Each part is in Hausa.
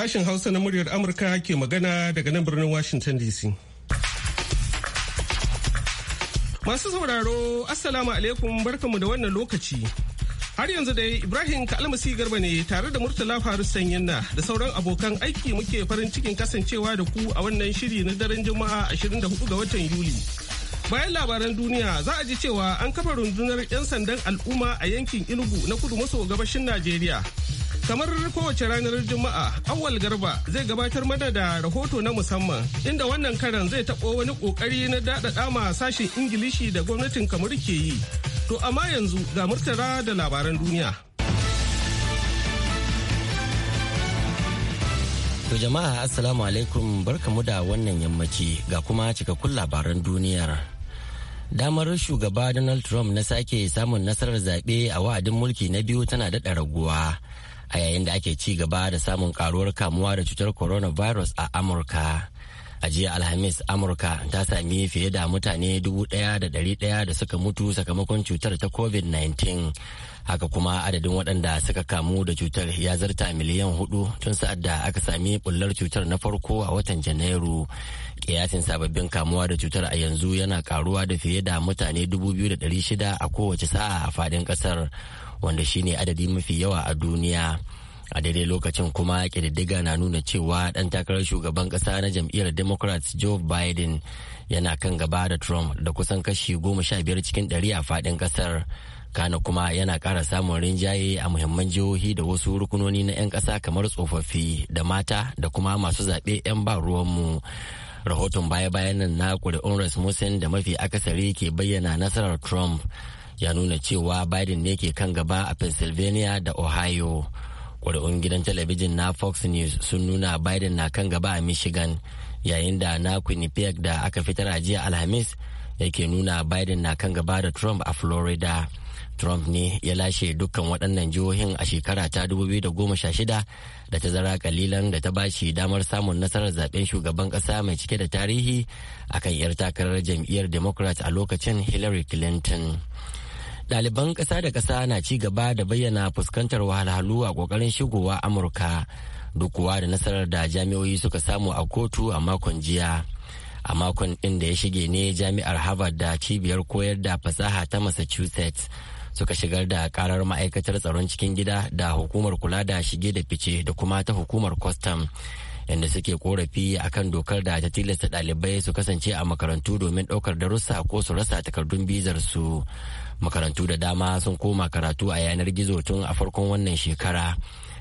Sashen Hausa na muryar Amurka ke magana daga nan birnin Washington DC. Masu sauraro, Assalamu alaikum barkanmu da wannan lokaci. Har yanzu dai Ibrahim Kalmasi Garba ne tare da Murtala Faru na da sauran abokan aiki muke farin cikin kasancewa da ku a wannan shiri na daren Juma'a 24 ga watan Yuli. Bayan labaran duniya za a ji cewa an kafa rundunar 'yan sandan al'umma a yankin Inugu na kudu maso gabashin Najeriya. Kamar kowace ranar Juma'a, Awal Garba zai gabatar mana da rahoto na musamman inda wannan karan zai taɓo wani ƙoƙari na daɗaɗa ma sashen Ingilishi da gwamnatin kamar ke yi. To amma yanzu ga murtala da labaran duniya. To jama'a Assalamu alaikum barkamu da wannan yammaci ga kuma cikakkun labaran duniyar. damar shugaba donald trump na sake samun nasarar zaɓe a wa'adin mulki na biyu tana daɗa raguwa a yayin da ake ci gaba da samun karuwar kamuwa da cutar coronavirus a amurka a jiya alhamis amurka ta sami fiye da mutane 1,100 da suka mutu sakamakon cutar ta covid-19 haka kuma adadin waɗanda suka kamu da cutar ya zarta miliyan hudu tun sa'ad da aka sami bullar cutar na farko a watan janairu kiyasin sababbin kamuwa da cutar a yanzu yana karuwa da fiye da mutane 2,600 a kowace sa'a a fadin ƙasar wanda shine adadi mafi yawa a duniya a daidai lokacin kuma kididdiga na nuna cewa ɗan takarar shugaban ƙasa na jam'iyyar democrats joe biden yana kan gaba da trump da kusan kashi goma sha biyar cikin ɗari a faɗin ƙasar kana kuma yana kara samun rinjaye a muhimman jihohi da wasu rukunoni na 'yan ƙasa kamar tsofaffi da mata da kuma masu zaɓe 'yan ba ruwanmu rahoton baya-bayan nan na ƙuri'un rasmussen da mafi akasari ke bayyana nasarar trump ya nuna cewa biden ne ke kan gaba a pennsylvania da ohio ƙuri'un gidan talabijin na fox news sun nuna biden na kan gaba a michigan yayin da na quinnipiac da aka fitar a jiya alhamis yake nuna biden na kan gaba da trump a florida trump ne ya lashe dukkan waɗannan jihohin a shekara ta 2016 da ta zara ƙalilan da ta bashi damar samun nasarar zaben shugaban ƙasa mai cike da tarihi akan 'yar takarar jam'iyyar democrat a lokacin hillary clinton ɗaliban ƙasa da ƙasa na ci gaba da bayyana fuskantar wahalhalu a ƙoƙarin shigowa amurka duk kuwa da nasarar da jami'oyi suka samu a kotu a makon jiya a makon ɗin da ya shige ne jami'ar harvard da cibiyar koyar da fasaha ta massachusetts suka shigar da karar ma'aikatar tsaron cikin gida da hukumar kula da shige da fice da kuma ta hukumar kwastam inda suke korafi kan dokar da ta tilasta ɗalibai su kasance a makarantu domin ɗaukar darussa ko su rasa takardun bizar su makarantu da dama sun koma karatu a yanar gizo tun a farkon wannan shekara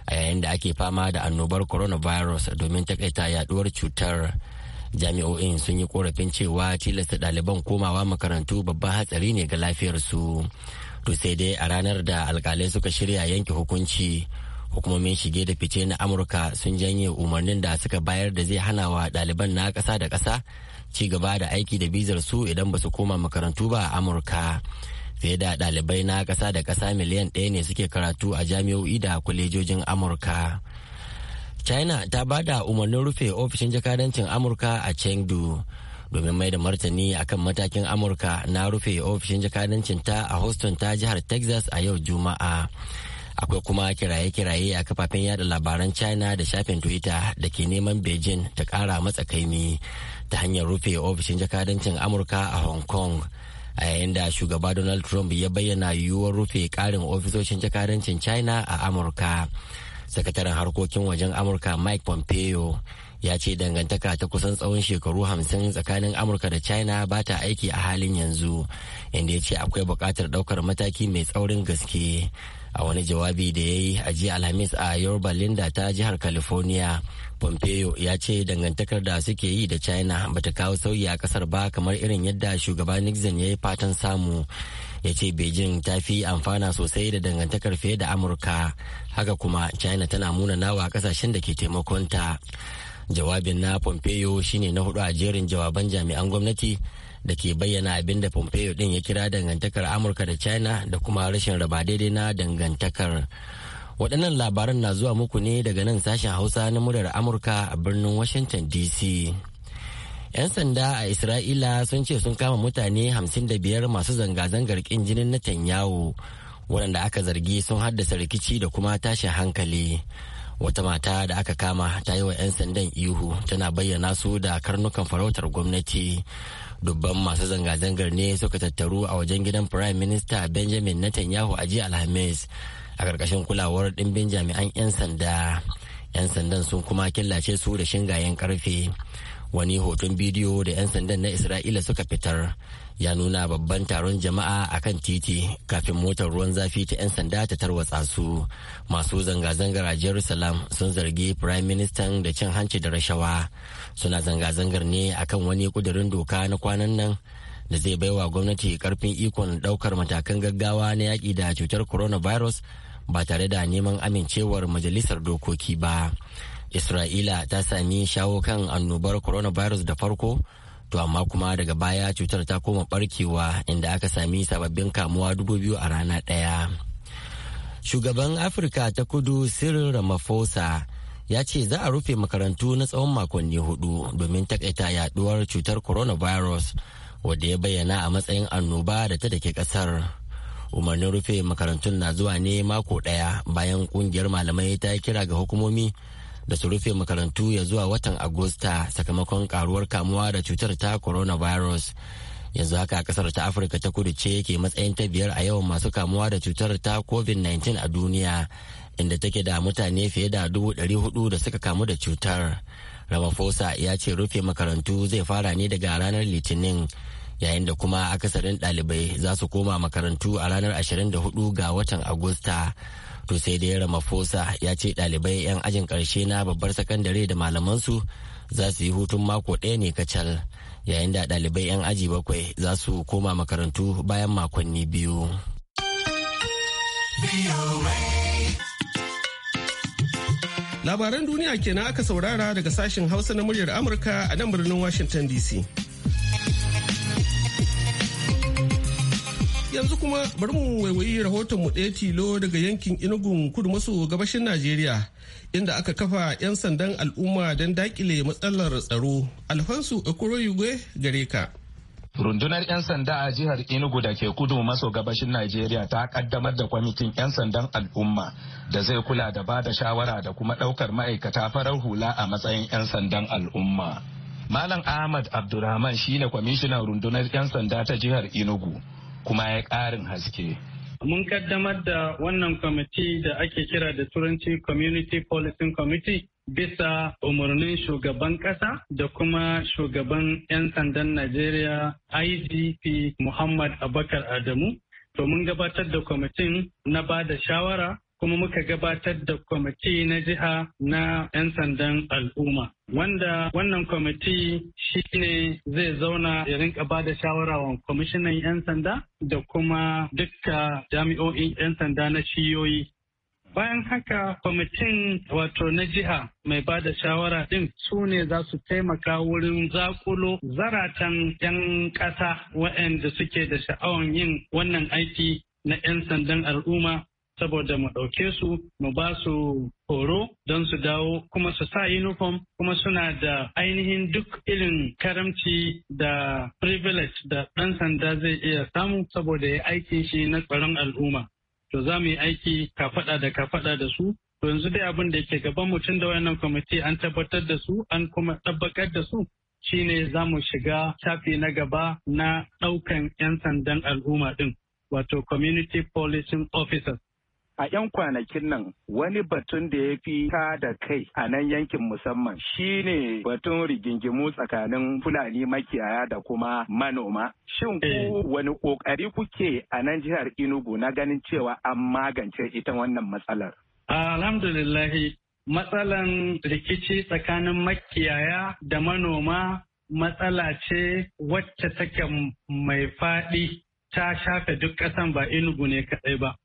a yayin da ake fama da annobar coronavirus domin takaita yaduwar cutar jami'o'in sun yi korafin cewa tilasta ɗaliban komawa makarantu babban hatsari ne ga lafiyarsu to sai dai a ranar da alkalai suka shirya yanke hukunci hukumomin shige da fice na amurka sun janye umarnin da suka bayar da zai hana wa ɗaliban na kasa da kasa ci gaba da aiki da bizar su idan ba su koma makarantu ba a amurka fiye da ɗalibai na ƙasa da kasa miliyan ɗaya ne suke karatu a jami'o'i da kwalejojin amurka china ta ba da umarnin rufe ofishin jakadancin amurka a chengdu domin mai da martani akan matakin amurka na rufe ofishin jakadancin ta a houston ta jihar texas a yau juma'a akwai kuma kiraye-kiraye a kafafen yada labaran china da shafin twitter da ke neman beijing ta kara matsakaimi ta hanyar rufe ofishin jakadancin amurka a hong kong a yayin da shugaba donald trump ya bayyana yiwuwar rufe karin ofisoshin jakadancin china a amurka sakataren harkokin wajen amurka mike pompeo ya ce dangantaka ta kusan tsawon shekaru hamsin tsakanin amurka da china ba ta aiki a halin yanzu inda ya ce akwai buƙatar ɗaukar mataki mai tsaurin gaske a wani jawabi da ya yi a jiya alhamis a yorba linda ta jihar california pompeo ya ce dangantakar da suke yi da china ba ta kawo sauyi a kasar ba kamar irin yadda shugaba nixon ya yi fatan samu ya ce beijing ta fi amfana sosai da dangantakar fiye da amurka haka kuma china tana a kasashen da ke taimakonta jawabin na pompeo shine na hudu a jerin jawaban jami'an gwamnati da ke bayyana abin da pompeo din ya kira dangantakar amurka da china da kuma rashin raba daidai na dangantakar waɗannan labaran na zuwa muku ne daga nan sashen hausa na murar amurka a birnin washington dc 'yan sanda a isra'ila sun ce sun kama mutane 55 masu zanga-zangar kin jinin tanyawo waɗanda aka zargi sun haddasa rikici da kuma tashin hankali wata mata da aka kama ta yi wa 'yan sandan ihu tana bayyana su da karnukan farautar gwamnati dubban masu zanga-zangar ne suka tattaru a wajen gidan prime minister benjamin netanyahu a jiya alhamis a ƙarƙashin kulawar ɗimbin jami'an 'yan sanda 'yan sandan sun kuma killace su da shingayen ƙarfe wani hoton bidiyo da 'yan sandan na isra'ila suka fitar ya nuna babban taron jama'a a kan titi kafin motar ruwan zafi ta 'yan sanda ta tarwatsa su masu zanga-zangar a jerusalem sun zargi prime minister da cin hanci da rashawa suna zanga-zangar ne akan wani kudurin doka na kwanan nan da zai baiwa gwamnati karfin ikon daukar matakan gaggawa na yaƙi da cutar coronavirus ba tare da neman amincewar majalisar dokoki ba. Isra'ila ta sami shawo kan annobar coronavirus da farko, to amma kuma daga baya cutar ta koma barkewa inda aka sami sababbin kamuwa dubu biyu a rana ɗaya. Shugaban Afirka ta kudu Cyril Ramaphosa ya ce za a rufe makarantu na tsawon makonni hudu domin takaita yaduwar cutar coronavirus wadda ya bayyana a matsayin annoba da ta dake kasar umarnin rufe makarantun na zuwa ne mako daya bayan kungiyar malamai ta kira ga hukumomi da su rufe makarantu ya zuwa watan agusta sakamakon karuwar kamuwa da cutar ta coronavirus yanzu haka kasar ta afirka ta kudu ce ke matsayin ta biyar a yawan masu kamuwa da cutar ta covid-19 a duniya inda take da mutane fiye da dubu ɗari hudu da suka kamu da cutar ramaphosa ya ce rufe makarantu zai fara ne daga ranar litinin yayin da kuma akasarin ɗalibai za su koma makarantu a ranar 24 ga watan agusta to sai dai ramaphosa ya ce ɗalibai 'yan ajin ƙarshe na babbar sakandare da malamansu za su yi hutun mako ɗaya ne kacal yayin da ɗalibai 'yan aji bakwai za su koma makarantu bayan makonni biyu labaran duniya kenan aka saurara daga sashen hausa na muryar amurka a nan birnin washington dc yanzu kuma bari mu waiwayi rahoton mu ɗaya tilo daga yankin inugun kudu maso gabashin najeriya inda aka kafa 'yan sandan al'umma don dakile matsalar tsaro alfansu alfonso Yugwe gare ka Rundunar 'yan sanda a jihar Enugu da ke kudu maso gabashin Najeriya ta kaddamar da kwamitin 'yan sandan al'umma da zai kula da ba da shawara da kuma ɗaukar ma'aikata farar hula a matsayin 'yan sandan al'umma. Malam Ahmad abdulrahman shine kwamishinan rundunar 'yan sanda ta jihar Enugu. kuma ya ƙarin haske. Mun kaddamar da wannan kwamiti da ake kira da turanci Community Policing Committee bisa umarnin shugaban ƙasa da kuma shugaban 'yan sandan Najeriya IGP Muhammad Abakar Adamu. To mun gabatar da kwamitin na ba da shawara kuma muka gabatar da kwamiti na jiha na 'yan sandan al'umma. Wanda wannan kwamiti shi ne zai zauna ya rinka ba da shawara wa kwamishinan 'yan sanda da kuma dukka jami'o'in 'yan sanda na shiyoyi Bayan haka kwamitin wato na jiha mai ba da shawara din su ne za su taimaka wurin zakulo zaratan 'yan ƙasa waɗanda suke da sha'awan yin wannan aiki na 'yan sandan al'umma saboda mu ɗauke su mu ba su horo don su dawo kuma su sa uniform kuma suna da ainihin duk irin karamci da privilege da ɗan sanda zai iya samu saboda ya aikin shi na tsaron al'umma. To za mu yi aiki kafaɗa da kafaɗa da su To yanzu dai abin da yake gaban mutum da wayannan kwamiti an tabbatar da su an kuma tabbatar da su shine za mu shiga shafi na gaba na ɗaukan 'yan sandan al'umma ɗin wato community policing officers a 'yan kwanakin nan wani batun da ya fi ta da kai a nan yankin musamman shine batun rigingimu tsakanin fulani makiyaya da kuma manoma shin ku eh. wani kokari kuke a nan jihar inugu na ganin cewa an magance ita wannan matsalar alhamdulillahi matsalan rikici tsakanin makiyaya da manoma matsala ce wacce take mai faɗi ta shafe duk ƙasan ba inugu ne kaɗai ba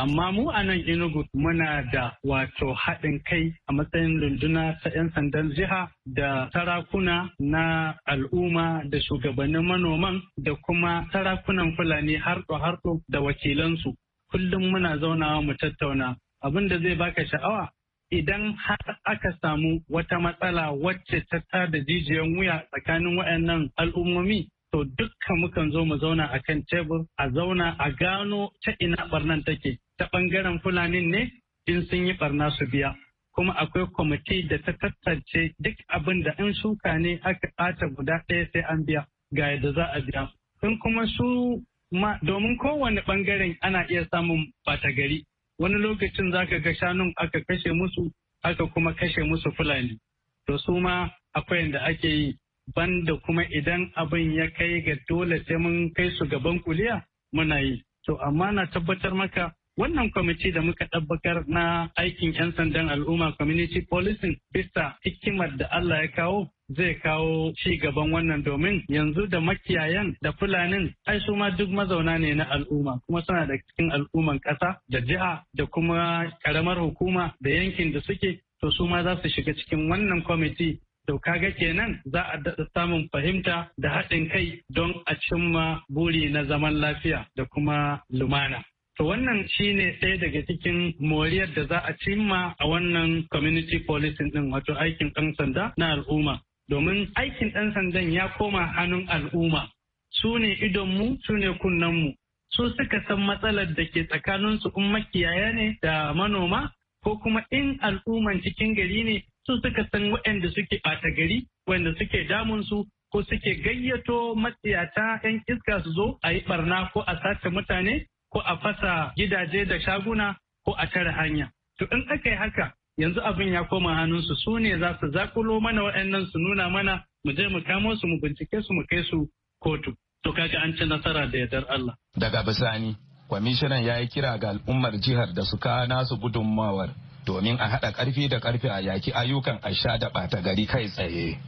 Amma mu a nan Enugu muna da wato haɗin kai a matsayin runduna ta 'yan sandan jiha da sarakuna na al'umma da shugabannin manoman da kuma sarakunan Fulani harɗo-harɗo da wakilansu. Kullum muna zaunawa mu tattauna abin da zai baka sha'awa idan har aka samu wata matsala wacce ta tada jijiyan wuya tsakanin waɗannan al'ummomi to dukka mukan zo mu zauna a kan tebur a zauna a gano ta ina barnan take ta bangaren fulanin ne in sun yi barna su biya kuma akwai kwamiti da ta tattace duk abin da in shuka ne aka ɓata guda ɗaya sai an biya ga yadda za a biya in kuma su ma domin kowane bangaren ana iya samun bata gari wani lokacin zaka ga shanun aka kashe musu aka kuma kashe musu fulani to su ma akwai yadda ake yi banda kuma idan abin ya kai ga dole sai mun kai su gaban kuliya muna yi. To amma na tabbatar maka wannan kwamiti da muka ɗabbakar na aikin 'yan sandan al'umma community policing bisa hikimar da Allah ya kawo zai kawo ci gaban wannan domin yanzu da makiyayan da fulanin ai su ma duk mazauna ne na al'umma kuma suna da cikin al'umman ƙasa da jiha da kuma ƙaramar hukuma da yankin da suke to su ma za su shiga cikin wannan kwamiti To kaga kenan za a daɗa samun fahimta da haɗin kai don a cimma buri na zaman lafiya da kuma lumana. To wannan shi ne ɗaya daga cikin moriyar da za a cimma a wannan community policing ɗin wato aikin ɗan sanda na al'umma. Domin aikin ɗan sandan ya koma hannun al'umma. Su ne idonmu, su ne kunnenmu. Su suka san matsalar da ke tsakaninsu in makiyaya ne da manoma ko kuma in al'umman cikin gari ne su suka san waɗanda suke ɓata gari waɗanda suke damun su ko suke gayyato matsiyata 'yan iska su zo a yi ɓarna ko a sace mutane ko a fasa gidaje da shaguna ko a tare hanya. To in aka yi haka yanzu abin ya koma hannunsu su ne za su zakulo mana waɗannan su nuna mana mu je mu kamo su mu bincike su mu kai su kotu. To kaga an ci nasara da yardar Allah. Daga bisani, kwamishinan ya yi kira ga al'ummar jihar da su kawo nasu gudunmawar domin a haɗa ƙarfi da ƙarfi a yaki ayyukan a sha da ɓata gari kai tsaye.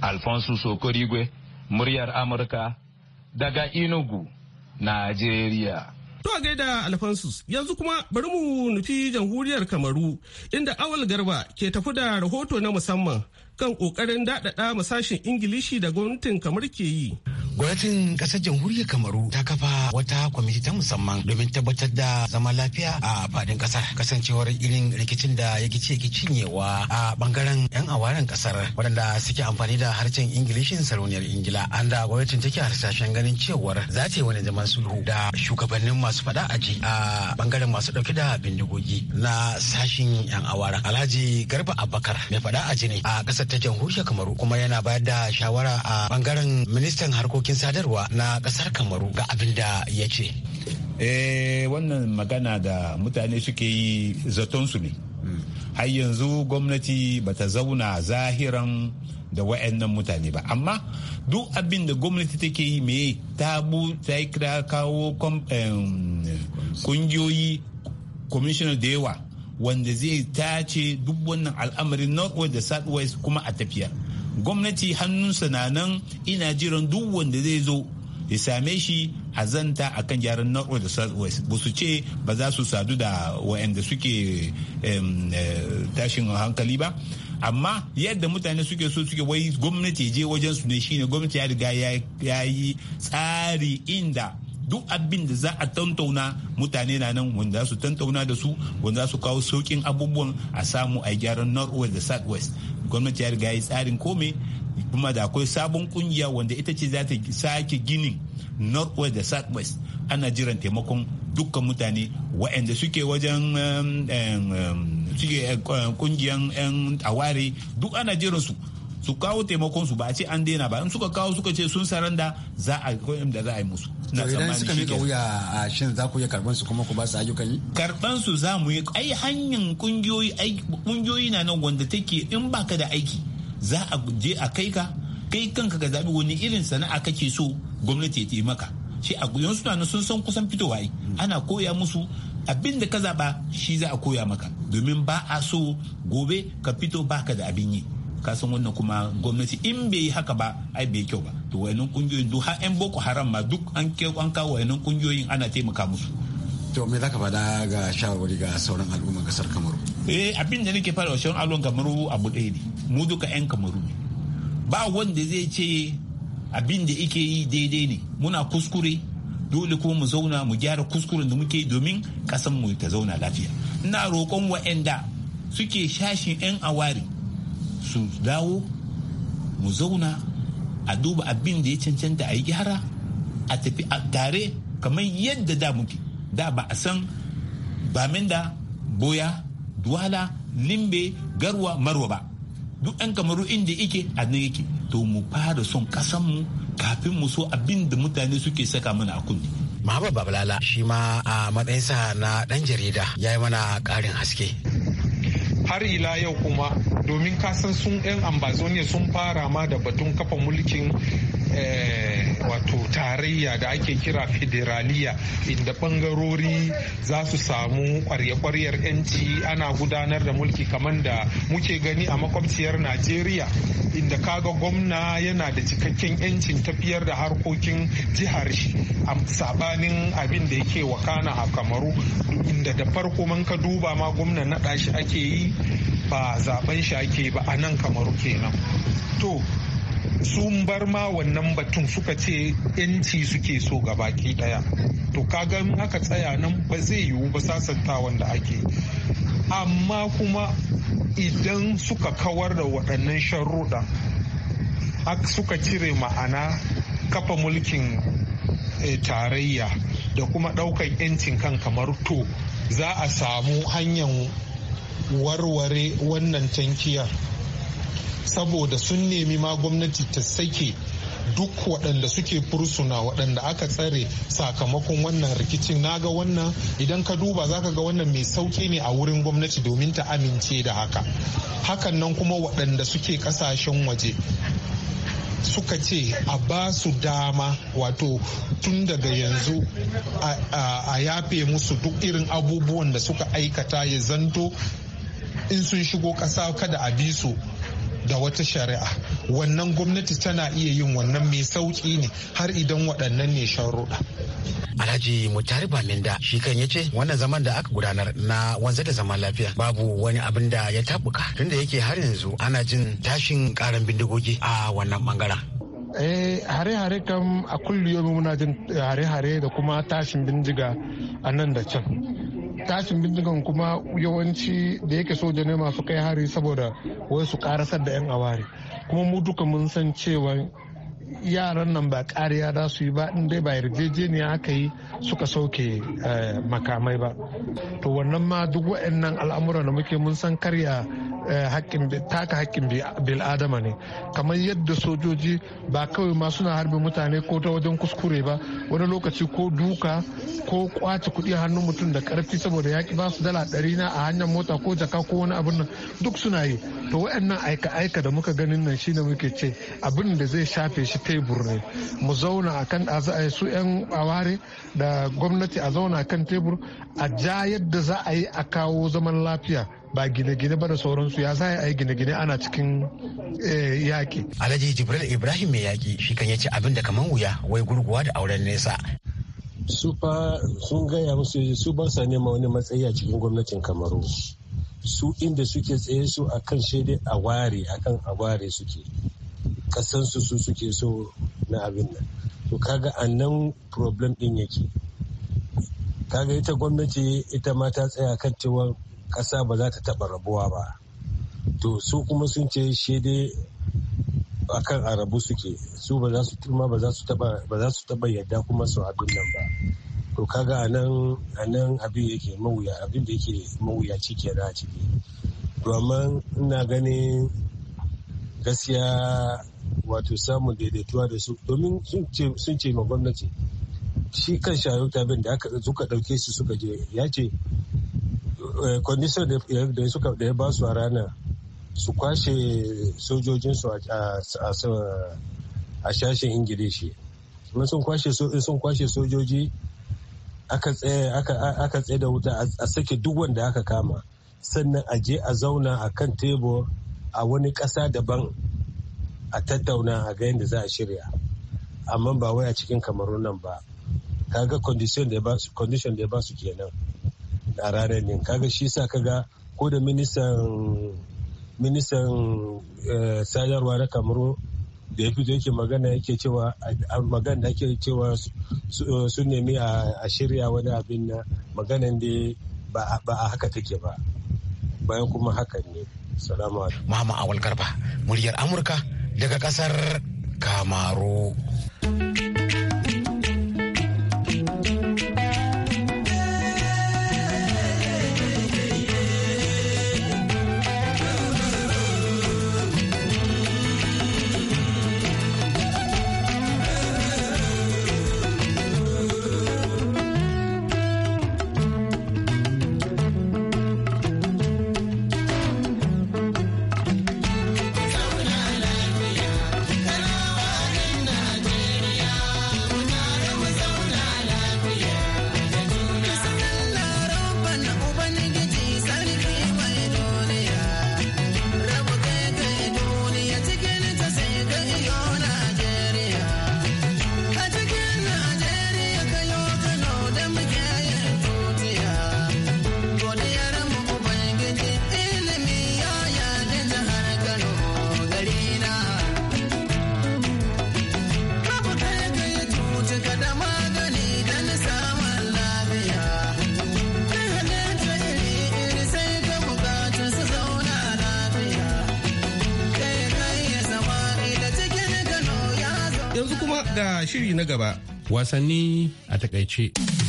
Alfonso Sokorigwe, muryar Amurka, daga Inugu, Najeriya. To a gaida Alfonso, yanzu kuma bari mu nufi jamhuriyar Kamaru, inda Awal Garba ke tafi da rahoto na musamman kan ƙoƙarin daɗaɗa sashin Ingilishi da gwamnatin kamar ke yi. Gwamnatin kasar jamhuriyar Kamaru ta kafa wata kwamiti ta musamman domin tabbatar da zama lafiya a faɗin kasar kasancewar irin rikicin da ya gice ya cinyewa a bangaren 'yan awaren kasar waɗanda suke amfani da harshen Ingilishin sarauniyar Ingila an da gwamnatin take harsashen ganin cewar za ta yi wani zaman sulhu da shugabannin masu faɗa a a bangaren masu ɗauke da bindigogi na sashin 'yan awaren. Alhaji Garba Abakar mai faɗa a ji ne a kasar ta jamhuriyar Kamaru kuma yana bayar da shawara a bangaren ministan harkokin harkokin sadarwa na kasar kamaru ga abin da ya ce eh wannan magana da mutane suke yi zaton su ne har yanzu gwamnati ba ta zauna zahiran da wa'annan mutane ba amma duk abin da gwamnati take yi mai ta ta kawo kungiyoyi commissioner da yawa wanda zai tace duk wannan al'amarin northwest da southwest kuma a tafiya gwamnati hannunsa na nan ina jiran duk wanda zai zo ya same shi a zanta a kan gyaran north da southwest ba su ce ba za su sadu da wa'anda suke eh, tashin hankali ba amma yadda mutane suke so suke wai gwamnati je wajen su ne shine gwamnati ya riga ya yi tsari inda duk abin da za a tantauna mutane na nan wanda su tantauna da su wanda su kawo saukin abubuwan a samu a gyaran northwest da southwest gwamnati ya riga yi tsarin kome kuma da akwai sabon kungiya wanda ita ce za ta sake ginin northwest da southwest ana jiran taimakon dukkan mutane waɗanda suke wajen suke kungiyan eh, 'yan aware duk ana jiran su su kawo taimakon su ba a ce an daina ba in suka kawo suka ce sun saranda za a da za a yi musu na idan suka mika wuya a shin za ku iya karban su kuma ku ba su ayyukan yi karban su za mu yi ai hanyar kungiyoyi kungiyoyi na nan wanda take in baka da aiki za a je a kai ka kai kanka ka zabi wani irin sana'a kake so gwamnati ya taimaka. maka shi a guyon suna sun san kusan fitowa yi ana koya musu abin da ka zaba shi za a koya maka domin ba a so gobe ka fito baka da abin yi kasan wannan kuma gwamnati in bai yi haka ba ai bai kyau ba to wayannan kungiyoyin duk har yan boko haram ma duk an ke an kawo wayannan kungiyoyin ana taimaka musu to me zaka fada ga shawarwari ga sauran al'umma kasar kamaru eh abin da nake fara sauran al'umman kamaru abu ɗaya ne mu duka yan kamaru ne ba wanda zai ce abin da yake yi daidai ne muna kuskure dole kuma mu zauna mu gyara kuskuren da muke domin kasan mu ta zauna lafiya ina roƙon wa'anda suke shashin yan awari su dawo mu zauna a duba abin da ya cancanta a yi gyara a tafi a tare kamar yadda da muke da ba a san baminda boya duwala limbe garwa marwa ba duk ɗan kamaru inda ike a nan yake to mu fara son mu kafin mu so abin da mutane suke saka mana a kunne Muhammad Babalala shi ma a matsayinsa na ɗan jarida ya yi mana ƙarin haske. Har ila yau kuma domin kasan sun 'yan ambazoniya sun fara ma da batun kafa mulkin Eh, wato tarayya da ake kira federaliya inda ɓangarori za su samu ƙwarya kwaryar 'yanci ana gudanar da mulki kamar da muke gani a makwabciyar najeriya inda kaga gwamna yana da cikakken 'yancin tafiyar da harkokin jihar shi a sabanin abin da yake wakana a kamaru inda da farko man ka duba ma gwamna naɗa shi ake yi ba zaben shi ake ba a nan kamaru kenan to sun bar ma wannan batun suka ce yanci suke so ga baki daya to kaga in aka tsaya nan ba zai yiwu ba sasanta wanda ake amma kuma idan suka kawar da waɗannan sharruɗa suka cire ma'ana kafa mulkin eh, tarayya da kuma ɗaukan 'yancin kan kamar to za a samu hanyar warware wannan tankiyar saboda sun nemi ma gwamnati ta sake duk waɗanda suke fursuna waɗanda aka tsare sakamakon wannan rikicin ga wannan idan ka duba zaka ga wannan mai sauki ne a wurin gwamnati domin ta amince da haka hakan nan kuma waɗanda suke ƙasashen waje suka ce a ba su dama wato tun daga yanzu a yafe musu duk irin abubuwan da suka aikata ya zanto in sun shigo ƙasa kada a bi su da wata shari'a wannan gwamnati tana iya yin wannan mai sauki ne har idan waɗannan ne sharuɗa. Alhaji Mutari Baminda shi kan ya ce wannan zaman da aka gudanar na wanzu da zaman lafiya babu wani abin da ya tabbuka tunda yake har yanzu ana jin tashin karin bindigogi a wannan bangaren. eh hare-hare kam a kulliyomi muna jin hare-hare da kuma tashin bindiga a nan da can tashin bindigan kuma yawanci da yake soja ne masu kai hari saboda wai su karasar da 'yan aware kuma mu duka mun san cewa yaran nan ba kariya za su yi ba in dai ba yarjejeniya aka yi suka sauke eh, makamai ba to wannan ma duk waɗannan al'amura da muke mun san karya Eh, taka haƙƙin bil adama ne kamar yadda sojoji ba kawai ma suna harbin mutane ko ta wajen kuskure ba wani lokaci ko duka ko kwace kuɗi hannun mutum da karfi saboda yaƙi ba su dala ɗari na a hanyar mota ko jaka ko wani abin nan duk suna yi to wayannan aika aika da muka ganin nan shine muke ce abin da zai shafe shi tebur ne mu zauna akan a za a yi su yan aware da gwamnati a zauna akan tebur a ja yadda za a yi a kawo zaman lafiya ba gine-gine ba da sauransu ya sa ai gine-gine ana cikin eh, yaƙi. Alhaji Jibril Ibrahim mai yaƙi. shi kan ya ce abin da kaman wuya wai gurguwa da auren nesa. Su fa sun gaya musu su ba sa nema wani matsayi a cikin gwamnatin Kamaru. Su inda suke tsaye su a kan shaidai a ware a kan a ware suke. Kasansu su suke so na abin nan. To kaga a nan problem din yake. Kaga ita gwamnati ita ma ta tsaya kan cewa ƙasa ba za ta taɓa rabuwa ba to su kuma sun ce shede a kan arabu suke su ba za su turma ba za su taɓa yadda kuma su abin nan ba to kaga a nan abin yake mawuya abin da yake mawuya ciki na ciki domin ina ganin gaskiya wato samun daidaituwa da su domin sun ce ma gwamnati shi kan shayo bin da aka suka ɗauke su suka je ya ce Eh, condition da suka da ya ba su a ranar su kwashe sojojinsu a shashin ingilishi kuma sun kwashe sun kwashe sojoji aka tsaye da wuta a sake duk wanda aka kama sannan a je a zauna a kan tebur a wani ƙasa daban a tattauna a ga yadda za a shirya amma ba wai a cikin kamarun nan ba kaga condition da ya ba su kenan ranar ne kaga shi sa kaga ko da ministan ministan eh, sadarwa na kamaru da ya fito yake magana yake cewa magana da ake cewa sun nemi a shirya wani abin na maganan da ba a haka take ba bayan kuma hakan ne salamu alaikum mama awal garba muryar amurka daga kasar kamaru shiri na gaba. Wasanni a takaice.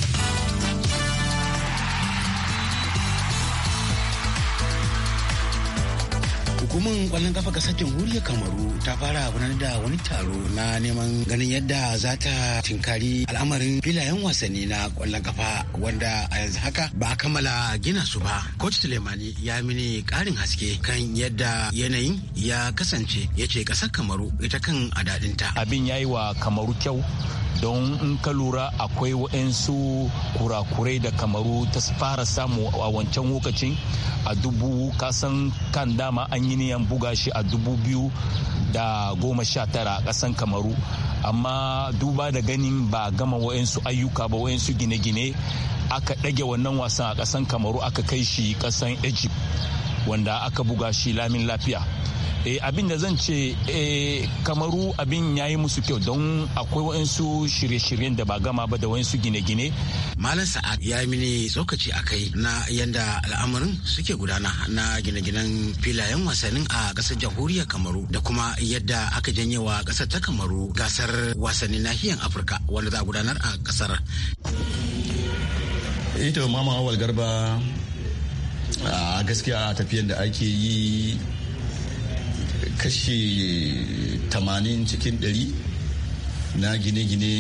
kwallon kafa kasar jamhuriyar kamaru ta fara gudanar da wani taro na neman ganin yadda za ta tinkari al'amarin filayen wasanni na kwallon kafa wanda a yanzu haka ba a kammala gina su ba coach sulemani ya mini karin haske kan yadda yanayin ya kasance ya ce kasar kamaru ita kan adadinta. abin ya yi wa kamaru kyau don in ka lura akwai wa'ansu kurakurai da kamaru ta fara samu a wancan lokacin a dubu kasan kan dama an yi niyan buga shi a dubu biyu da goma sha tara a kasan kamaru amma duba da ganin ba gama wa'ansu ayyuka ba wa'ansu gine-gine aka ɗage wannan wasan a kasan kamaru aka kai shi kasan egypt wanda aka buga shi lamin lafiya Eh, abin da zan ce eh, kamaru abin ya yi musu kyau don akwai waɗansu shirye-shiryen da ba gama ba da waɗansu gine-gine. Malam Sa'ad ya yi mini tsokaci a kai na yadda al'amarin suke gudana na gine-ginen filayen wasannin a ƙasar jamhuriyar Kamaru da kuma yadda aka janye wa ƙasar ta Kamaru gasar wasannin nahiyar Afirka wanda za a gudanar a ƙasar. ita Mama Awal Garba a gaskiya a tafiyan da ake yi kashi tamanin cikin 100 na gine gine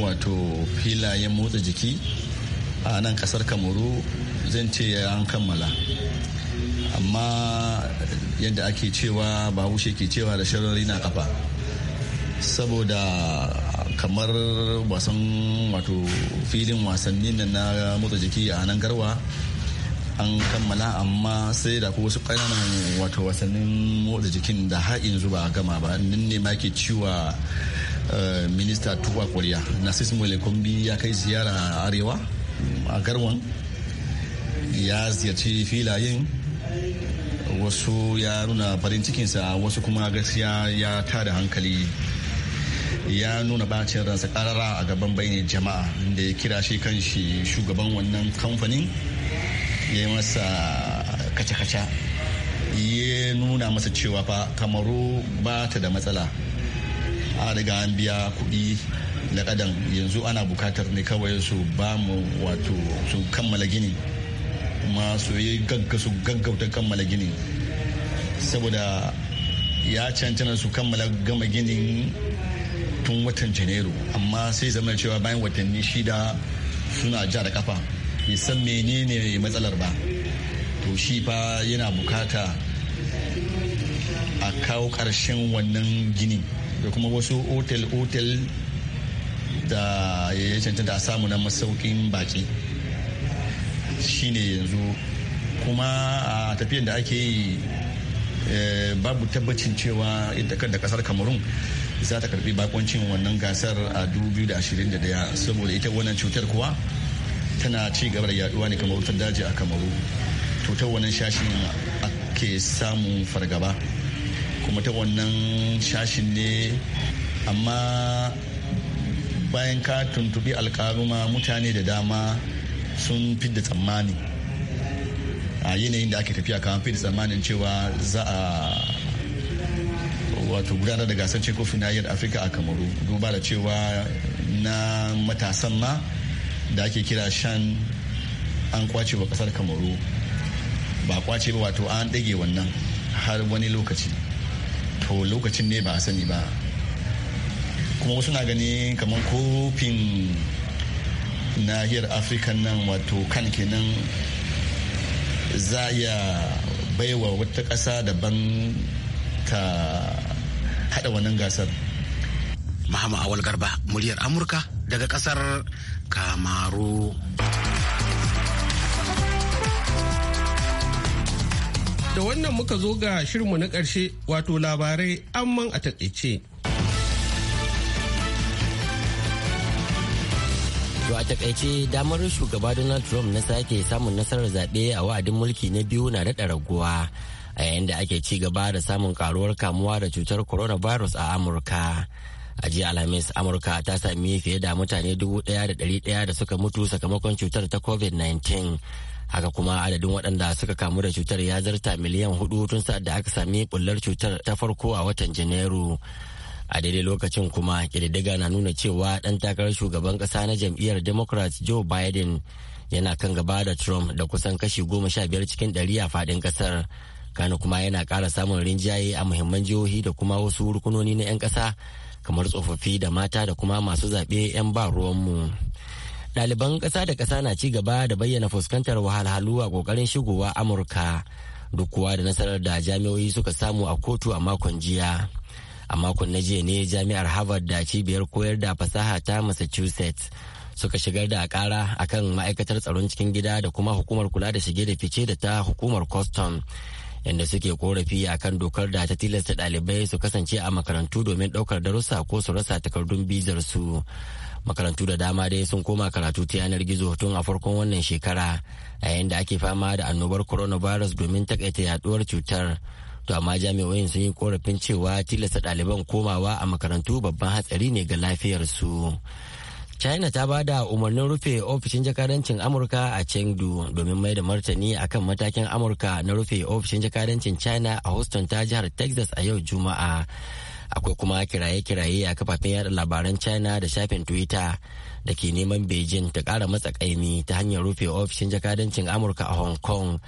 wato filayen motsa jiki a nan kasar kamaru zan ce an kammala amma yadda ake cewa ba wuce ke cewa da sharari na kafa saboda kamar wasan wato filin wasanni na motsa jiki a nan garwa an kammala amma sai da wasu ƙananan wato wasannin motsa jikin da har yanzu ba gama ba nan ne ma ke ciwa eh, minista tuwa koriya nasis kombi ya kai ziyara arewa a garwan ya ziyarci filayen wasu ya nuna farin cikinsa wasu kuma gaskiya ya tada hankali ya nuna bacin ransa karara a gaban bayanin jama'a da ya kira shi kan shi shugaban wannan kamfanin ya masa kaca-kaca ya nuna masa cewa fa kamaru ba ta da matsala a daga an biya kuɗi da kadan yanzu ana bukatar ne kawai su ba mu wato su kammala gini kuma su yi gaggasu gaggauta kammala gini saboda ya cancana su kammala gama ginin tun watan janairu amma sai zama cewa bayan watanni shida suna ja da kafa bai san menene matsalar ba to shi fa yana bukata a kawo karshen wannan gini da kuma wasu otel-otel da ya cancanta a samu na masaukin baki ne yanzu kuma a tafiyan da ake yi eh, babu tabbacin cewa ita da kasar cameroon za ta karbi bakoncin wannan gasar a 2021 saboda ita wannan cutar kuwa tana ci gaba da yaduwa ne kamar wutar daji a kamaru to ta wannan shashin ake samun fargaba kuma ta wannan shashin ne amma bayan ka tuntubi alkaluma mutane da dama sun fi da tsammani a yanayin da ake tafiya kawai fi da tsammanin cewa za a wato gudanar da gasar cin kofin nahiyar afirka a kamaru duba da cewa na matasan ma da ake kira shan an kwace ba kasar kamaru ba kwace ba wato an ɗage wannan har wani lokaci to lokacin ne ba a sani ba kuma wasu na gani kamar kofin nahiyar afirka nan wato kan kenan za a baiwa wata ƙasa daban ta hada wannan gasar. Muhammad Awal Garba, muryar Amurka daga ƙasar kamaru da wannan muka zo ga shirinmu na ƙarshe wato labarai amman a taƙaice. To a takaice damar shugaba Donald Trump na sake samun nasarar zaɓe a wa'adin mulki na biyu na daɗa raguwa a yayin da ake ci gaba da samun karuwar kamuwa da cutar coronavirus a Amurka. a jiya alhamis amurka ta sami fiye da mutane dubu ɗaya da ɗari ɗaya da suka mutu sakamakon cutar ta covid-19 haka kuma adadin waɗanda suka kamu da cutar ya zarta miliyan hudu tun sa'ad da aka sami bullar cutar ta farko a watan janairu a daidai lokacin kuma kididdiga na nuna cewa ɗan takarar shugaban ƙasa na jam'iyyar democrat joe biden yana kan gaba da trump da kusan kashi goma sha biyar cikin ɗari a faɗin ƙasar kano kuma yana ƙara samun rinjaye a muhimman jihohi da kuma wasu rukunoni na 'yan ƙasa kamar tsofaffi da mata da kuma masu zaɓe 'yan ba ruwanmu. Ɗaliban ƙasa da ƙasa na ci gaba da bayyana fuskantar wahalhalu a ƙoƙarin shigowa Amurka duk kuwa da nasarar da jami'oyi suka samu a kotu a makon jiya. A makon na jiya ne jami'ar Harvard da cibiyar koyar da fasaha ta Massachusetts suka shigar da ƙara akan ma'aikatar tsaron cikin gida da kuma hukumar kula da shige da fice da ta hukumar Custom. inda suke korafi a kan dokar da ta tilasta ɗalibai su kasance a makarantu domin ɗaukar darussa ko su rasa takardun bizar su makarantu da dama dai sun koma karatu ta yanar gizo tun a farkon wannan shekara a yayin da ake fama da annobar coronavirus domin takaita yaduwar cutar to amma jami'o'in sun yi korafin cewa tilasta ɗaliban komawa a makarantu babban hatsari ne ga lafiyar su china ta ba da umarnin rufe ofishin jakadancin amurka a chengdu domin mai da martani akan matakin amurka na rufe ofishin jakadancin china a houston ta jihar texas a yau juma'a akwai kuma kiraye-kiraye a kafafen yada labaran china da shafin twitter da ke neman beijing ta kara matsakaimi ta hanyar rufe ofishin jakadancin amurka a hong kong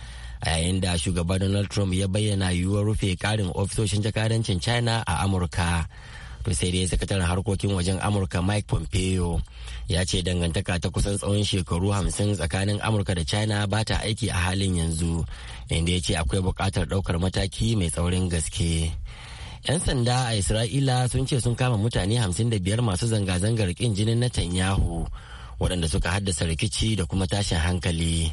a yayin da shugaba donald trump ya bayyana yiwuwar rufe karin ofisoshin jakadancin china a amurka to sai dai sakataren harkokin wajen amurka mike pompeo ya ce dangantaka ta kusan tsawon shekaru hamsin tsakanin amurka da china ba ta aiki a halin yanzu inda ya ce akwai buƙatar ɗaukar mataki mai tsaurin gaske 'yan sanda a isra'ila sun ce sun kama mutane hamsin da biyar masu zanga-zangar ƙin jinin netanyahu waɗanda suka haddasa rikici da kuma tashin hankali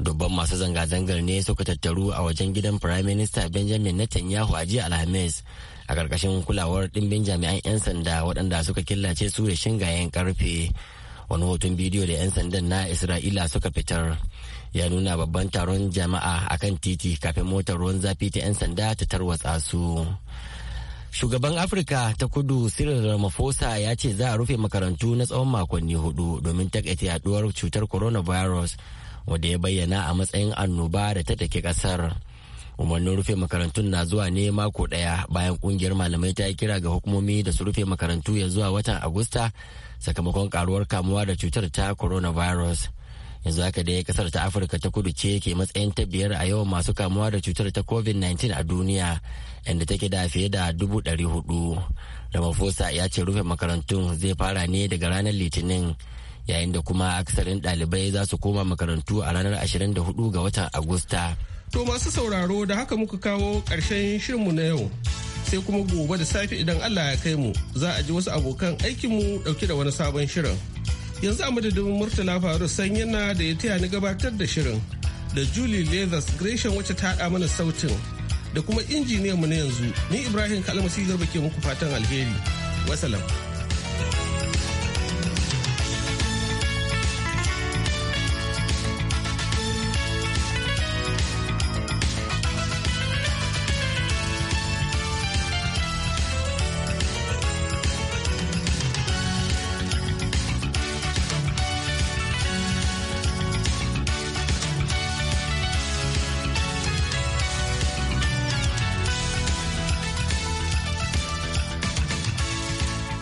dubban masu zanga-zangar ne suka tattaru a wajen gidan prime minister benjamin netanyahu a jiya alhamis a ƙarƙashin kulawar ɗimbin jami'an 'yan sanda waɗanda suka killace su da shingayen ƙarfe wani hoton bidiyo da 'yan sandan na isra'ila suka fitar ya nuna babban taron jama'a a kan titi kafin motar ruwan zafi ta 'yan sanda ta tarwatsa su shugaban afirka ta kudu cyril ramaphosa ya ce za a rufe makarantu na tsawon makonni hudu domin takaita yaduwar cutar coronavirus wanda ya bayyana a matsayin annoba da ta take kasar umarnin rufe makarantun na zuwa ne mako daya bayan kungiyar malamai ta yi kira ga hukumomi da su rufe makarantu ya zuwa watan agusta sakamakon karuwar kamuwa da cutar ta coronavirus yanzu haka dai kasar ta afirka ta kudu ce ke matsayin ta biyar a yawan masu kamuwa da cutar ta covid-19 a duniya inda take da fiye da dubu ɗari hudu ramaphosa ya ce rufe makarantun zai fara ne daga ranar litinin yayin da kuma aksarin ɗalibai za su koma makarantu a ranar 24 ga watan agusta to masu sauraro da haka muka kawo ƙarshen shirinmu na yau sai kuma gobe da safe idan allah ya kai mu za a ji wasu abokan aikinmu ɗauke da wani sabon shirin yanzu a madadin murtala faru yana da ya taya ni gabatar da shirin da julie leathers gresham wacce ta haɗa mana sautin da kuma mu na yanzu ni ibrahim kalmasi garba ke muku fatan alheri wasalam